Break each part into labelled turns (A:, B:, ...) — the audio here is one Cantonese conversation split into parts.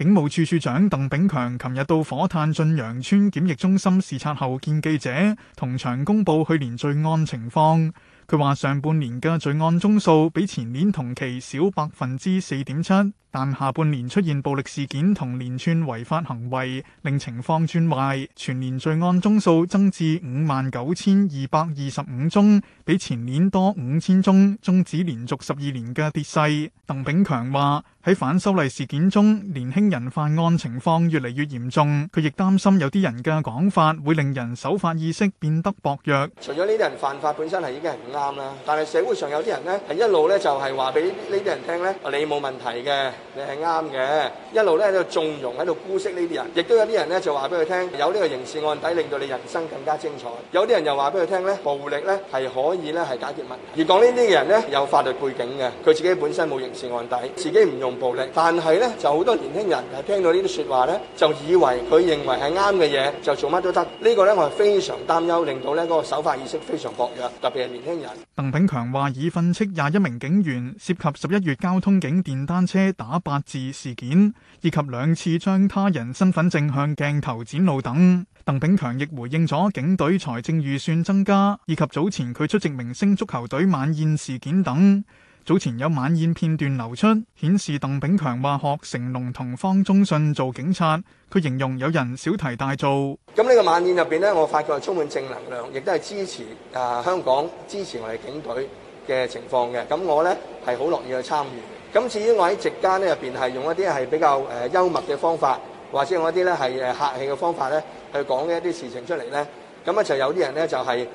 A: 警務處處長鄧炳強琴日到火炭駿洋邨檢疫中心視察後，見記者同場公布去年罪案情況。佢話上半年嘅罪案宗數比前年同期少百分之四點七。但下半年出現暴力事件同連串違法行為，令情況轉壞。全年罪案宗數增至五萬九千二百二十五宗，比前年多五千宗，終止連續十二年嘅跌勢。鄧炳強話：喺反修例事件中，年輕人犯案情況越嚟越嚴重。佢亦擔心有啲人嘅講法會令人守法意識變得薄弱。
B: 除咗呢啲人犯法本身係已經係唔啱啦，但係社會上有啲人呢，係一路呢就係話俾呢啲人聽呢，你冇問題嘅。你係啱嘅，一路咧喺度縱容，喺度姑息呢啲人，亦都有啲人咧就話俾佢聽，有呢個刑事案底令到你人生更加精彩。有啲人又話俾佢聽咧，暴力咧係可以咧係解決問題。而講呢啲嘅人咧有法律背景嘅，佢自己本身冇刑事案底，自己唔用暴力，但係咧就好多年輕人係聽到呢啲説話咧，就以為佢認為係啱嘅嘢就做乜都得。這個、呢個咧我係非常擔憂，令到咧嗰個守法意識非常薄弱，特別係年輕人。
A: 鄧炳強話：已訓斥廿一名警員，涉及十一月交通警電單車打打八字事件以及兩次將他人身份證向鏡頭展露等，鄧炳強亦回應咗警隊財政預算增加以及早前佢出席明星足球隊晚宴事件等。早前有晚宴片段流出，顯示鄧炳強話學成龍同方中信做警察，佢形容有人小題大做。
B: 咁呢個晚宴入邊咧，我發覺係充滿正能量，亦都係支持啊、呃、香港支持我哋警隊嘅情況嘅。咁我咧係好樂意去參與。咁至於我喺席間咧入面係用一啲係比較幽默嘅方法，或者用一啲係客氣嘅方法咧，去講一啲事情出嚟呢。咁啊就有啲人呢就係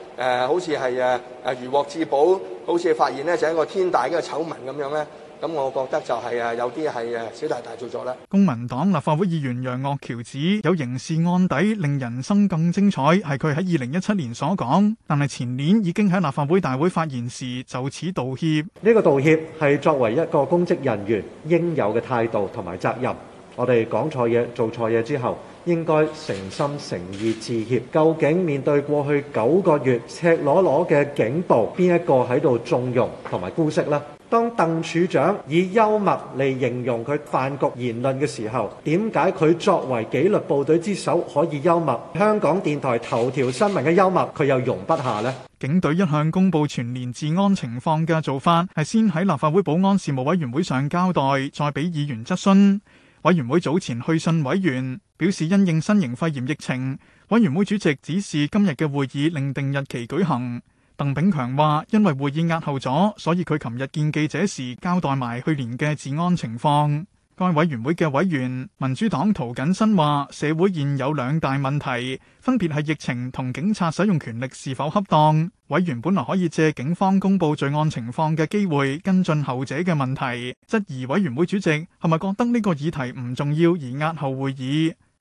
B: 好似係誒如獲至寶，好似、呃、發現呢就係一個天大嘅醜聞咁樣呢。咁我覺得就係誒有啲係誒小題大做咗啦。
A: 公民黨立法會議員楊岳橋指有刑事案底令人生更精彩，係佢喺二零一七年所講。但係前年已經喺立法會大會發言時就此道歉。
B: 呢個道歉係作為一個公職人員應有嘅態度同埋責任。我哋講錯嘢、做錯嘢之後，應該誠心誠意致歉。究竟面對過去九個月赤裸裸嘅警暴，邊一個喺度縱容同埋姑息呢？當鄧處長以幽默嚟形容佢飯局言論嘅時候，點解佢作為紀律部隊之首可以幽默？香港電台頭條新
A: 聞嘅幽默佢又容不下呢？警隊一向公布全年治安情況嘅做法，係先喺立法會保安事務委員會上交代，再俾議員質詢。委員會早前去信委員，表示因應新型肺炎疫情，委員會主席指示今日嘅會議另定日期舉行。鄧炳強話：因為會議押後咗，所以佢琴日見記者時交代埋去年嘅治安情況。該委員會嘅委員民主黨涂謹申話：社會現有兩大問題，分別係疫情同警察使用權力是否恰當。委員本來可以借警方公布罪案情況嘅機會跟進後者嘅問題，質疑委員會主席係咪覺得呢個議題唔重要而押後會議。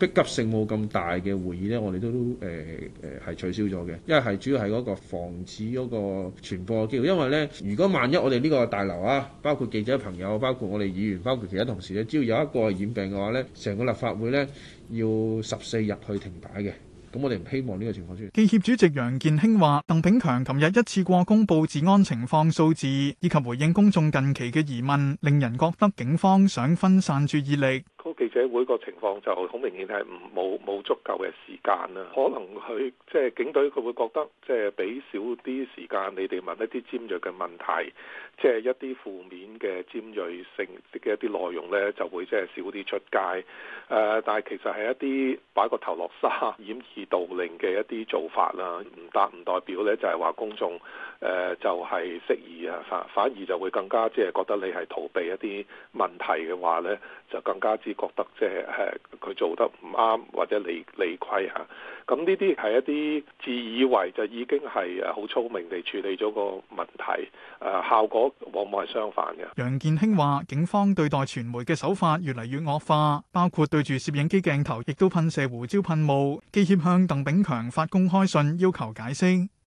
B: 迫切性冇咁大嘅會議呢，我哋都都誒誒係取消咗嘅，因為係主要係嗰個防止嗰個傳播嘅機會，因為呢，如果萬一我哋呢個大樓啊，包括記者朋友、包括我哋議員，包括其他同事呢，只要有一個染病嘅話，呢成個立法會呢要十四日去停擺嘅。咁我哋唔希望呢個情況出現。
A: 記協主席楊健興話鄧炳強琴日一次過公布治安情況數字，以及回應公眾近期嘅疑問，令人覺得警方想分散注意力。
C: 社會個情況就好明顯係唔冇冇足夠嘅時間啦、啊，可能佢即係警隊佢會覺得，即係俾少啲時間你哋問一啲尖銳嘅問題，即、就、係、是、一啲負面嘅尖銳性嘅一啲內容呢就會即係少啲出街。誒、呃，但係其實係一啲擺個頭落沙、掩耳盜鈴嘅一啲做法啦，唔答唔代表呢就係、是、話公眾誒、呃、就係、是、適宜啊，反反而就會更加即係、就是、覺得你係逃避一啲問題嘅話呢，就更加之覺得。即係佢做得唔啱或者理虧吓，咁呢啲係一啲自以為就已經係誒好聰明地處理咗個問題，誒效果往往係相反嘅。
A: 楊健興話：警方對待傳媒嘅手法越嚟越惡化，包括對住攝影機鏡頭，亦都噴射胡椒噴霧。記協向鄧炳強發公開信，要求解釋。